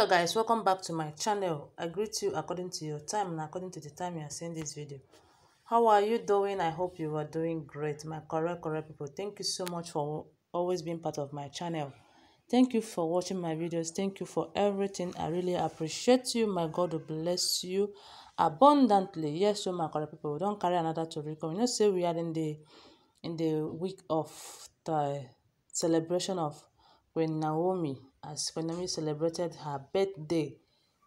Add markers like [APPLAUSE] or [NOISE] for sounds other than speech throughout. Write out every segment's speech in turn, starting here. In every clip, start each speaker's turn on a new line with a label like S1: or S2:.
S1: hello guys welcome back to my channel i greet you according to your time and according to the time you are seeing this video how are you doing i hope you are doing great my correct correct people thank you so much for always being part of my channel thank you for watching my videos thank you for everything i really appreciate you my god will bless you abundantly yes so my correct people don't carry another to record. you know say we are in the in the week of the celebration of when naomi as Pẹ̀lọ́mí celebrated her birthday.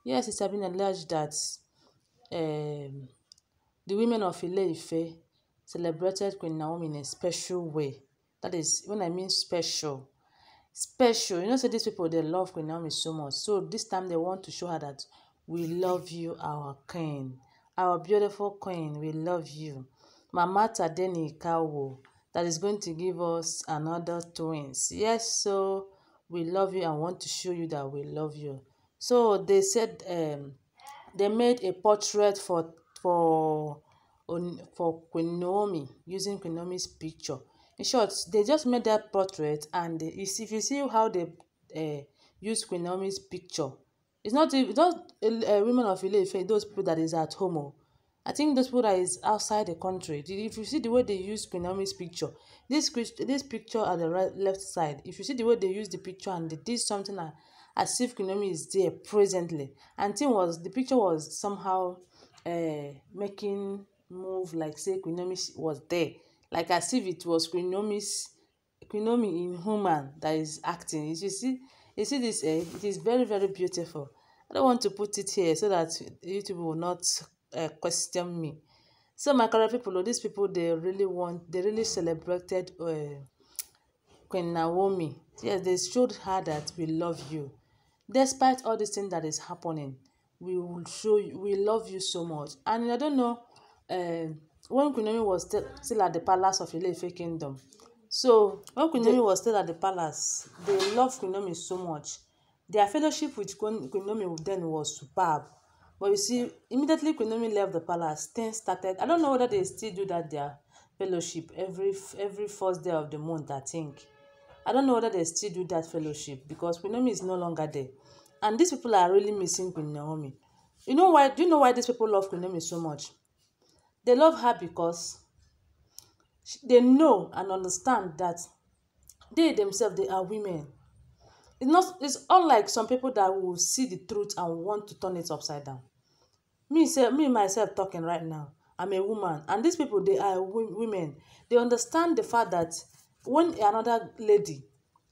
S1: Yes, it has been alleged that um, the women of Ile-Ife celebrated Queen Naomi in a special way. That is, when I mean special, special, you know, say these people, they love Queen Naomi so much. So this time they want to show her that we love you, our queen, our beautiful queen, we love you. Mama Tadeni Ikawo, that is going to give us another twins. Yes, so we love you and want to show you that we love you. So they said um, they made a portrait for for for Queen Naomi using Queen Naomi's picture. In short, they just made that portrait, and if you see how they uh, use Queen Naomi's picture, it's not just uh, women of Ile-Ife, those people that is at home. Oh. I think those people that is outside the country, if you see the way they use Queen Naomi's picture, this this picture at the right left side, if you see the way they use the picture and they did something as if Queen Naomi is there presently, and thing was the picture was somehow uh, making move like say Queen Naomi was there, like as if it was Queen Naomi's Queen Naomi in human that is acting. you see, you see this, eh? it is very very beautiful. I don't want to put it here so that YouTube will not uh, question me. So my correct people, these people they really want, they really celebrated uh, Queen Naomi. Yes, they showed her that we love you. Despite all this thing that is happening, we will show you, we love you so much. And I don't know, uh, when Queen Naomi was still, still at the palace of Ile-Ife Kingdom, so when Queen Naomi was still at the palace, they loved Queen Naomi so much. Their fellowship with Queen Naomi then was superb. But you see, immediately Queen Naomi left the palace, things started. I don't know whether they still do that their fellowship every every first day of the month, I think. I don't know whether they still do that fellowship because Queen Naomi is no longer there. And these people are really missing Queen Naomi. You know why? Do you know why these people love Queen Naomi so much? They love her because they know and understand that they themselves they are women. It's not it's unlike some people that will see the truth and want to turn it upside down me say me myself talking right now i'm a woman and these people they are women they understand the fact that when another lady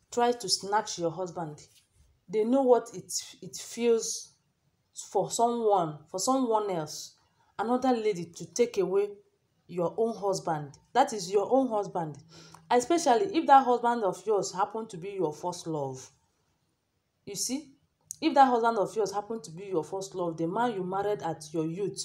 S1: tries to snatch your husband they know what it it feels for someone for someone else another lady to take away your own husband that is your own husband especially if that husband of yours happened to be your first love you see if that husband of yours happened to be your first love the man you married at your youth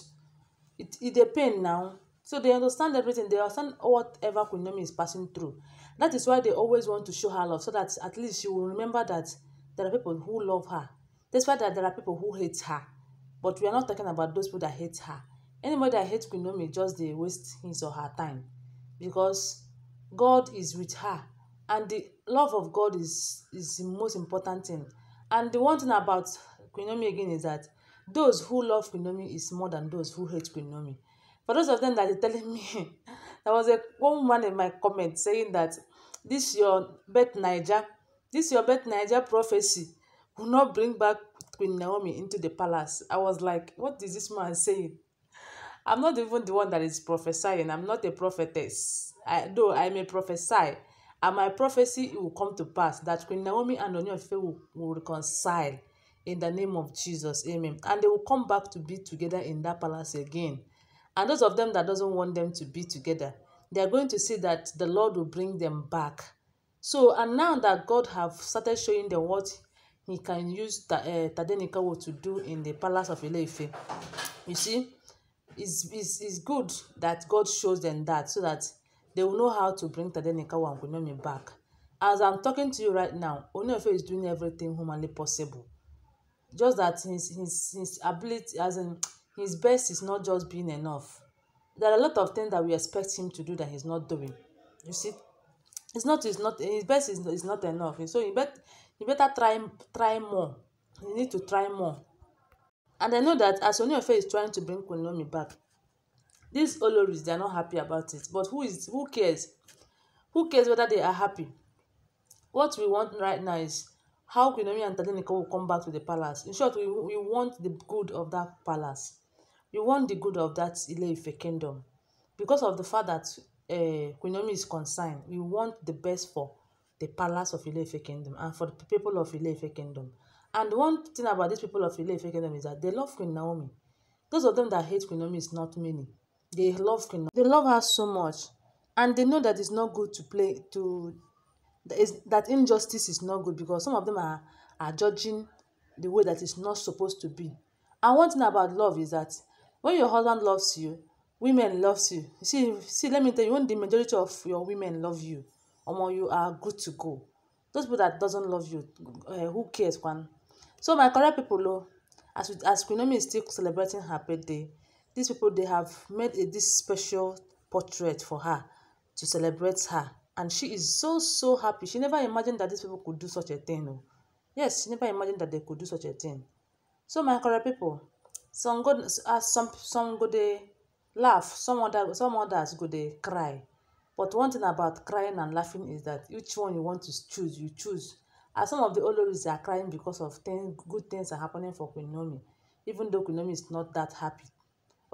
S1: it it dey pain now so they understand everything they understand whatever kunomi is passing through that is why they always want to show her love so that at least she will remember that there are people who love her despite that there are people who hate her but we are not talking about those people that hate her anybody that hates kunomi just they waste his or her time because god is with her and the love of god is is the most important thing And the one thing about Quinomi again is that those who love Quinomi is more than those who hate Quinomi. For those of them that are telling me, [LAUGHS] there was a one woman in my comment saying that this your bet Niger, this your bet Niger prophecy will not bring back Queen Naomi into the palace. I was like, what is this man saying? I'm not even the one that is prophesying. I'm not a prophetess. I, though I may prophesy, and my prophecy will come to pass that Queen Naomi and Ooni will, will reconcile in the name of Jesus amen and they will come back to be together in that palace again and those of them that doesn't want them to be together they are going to see that the Lord will bring them back so and now that God have started showing them what he can use ta, uh, eh, Tadenikawo to do in the palace of ile you see it's, it's, it's good that God shows them that so that they will know how to bring Tadenika Wangunomi back. As I'm talking to you right now, Onyefe is doing everything humanly possible. Just that his, his, his ability, as in his best, is not just being enough. There are a lot of things that we expect him to do that he's not doing. You see, it's not, it's not his best is, is not enough. So you, better you better try, try more. You need to try more. And I know that as Onyefe is trying to bring Kunomi back, these oloris they are not happy about it but who is who cares who cares whether they are happy what we want right now is how Kunomi and Tadeniko will come back to the palace in short we we want the good of that palace we want the good of that ile kingdom because of the fact that uh, is concerned we want the best for the palace of ile kingdom and for the people of ile kingdom and one thing about these people of ile kingdom is that they love Queen Naomi those of them that hate Kunomi is not many They love Queen. They love her so much, and they know that it's not good to play to is, that injustice is not good because some of them are are judging the way that it's not supposed to be. And one thing about love is that when your husband loves you, women loves you. you see, see, let me tell you, when the majority of your women love you, omo, you are good to go. Those people that doesn't love you, uh, who cares, one? So my correct people, oh, as we, as Queen Naomi is still celebrating her birthday, these people they have made a, this special portrait for her to celebrate her and she is so so happy she never imagined that these people could do such a thing no. Oh. yes she never imagined that they could do such a thing so my correct people some good, uh, some some good they laugh some other some others good they cry but one thing about crying and laughing is that which one you want to choose you choose as some of the oloris are crying because of things good things are happening for queen even though queen is not that happy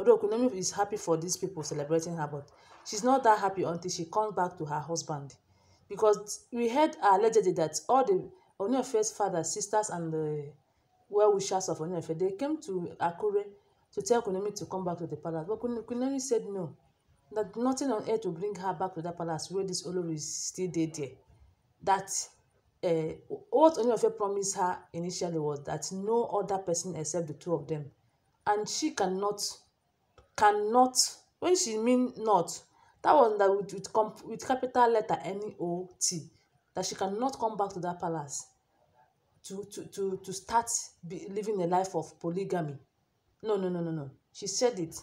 S1: Although Kunemi is happy for these people celebrating her, but she's not that happy until she comes back to her husband. Because we heard allegedly that all the Onyeofe's father, sisters, and the well-wishers of Onyeofe, they came to Akure to tell Kunemi to come back to the palace. But Kunemi said no, that nothing on earth will bring her back to that palace where this Olori is still there. there. That uh, what Onyeofe promised her initially was that no other person except the two of them, and she cannot cannot when she mean not that one that with with, comp, with capital letter n-o-t e that she cannot come back to that palace to to to to start be, living a life of polygamy no no no no no she said it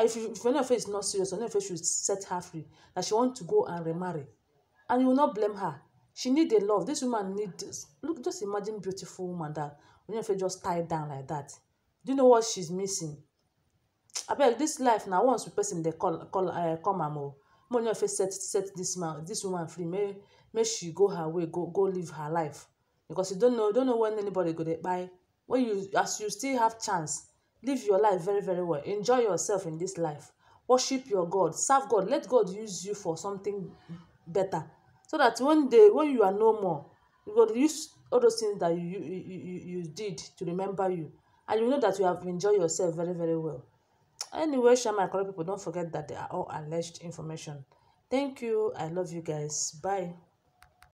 S1: if if, if Onyefe is not serious Onyefe should set her free that she want to go and remarry and you will not blame her she need the love this woman need this look just imagine beautiful woman that Onyefe just tie down like that do you know what she's missing abeg dis life na once with person dey call call eh, come am o make we no fit set set this man this woman free May may she go her way go go live her life because you don't know you don't know when anybody go dey kpai when you as you still have chance live your life very very well enjoy yourself in this life worship your god serve god let god use you for something better so that one day when you are no more you go use all those things that you you you you did to remember you and you know that you have enjoyed yourself very very well Anyway, share my correct people. Don't forget that they are all alleged information. Thank you. I love you guys. Bye.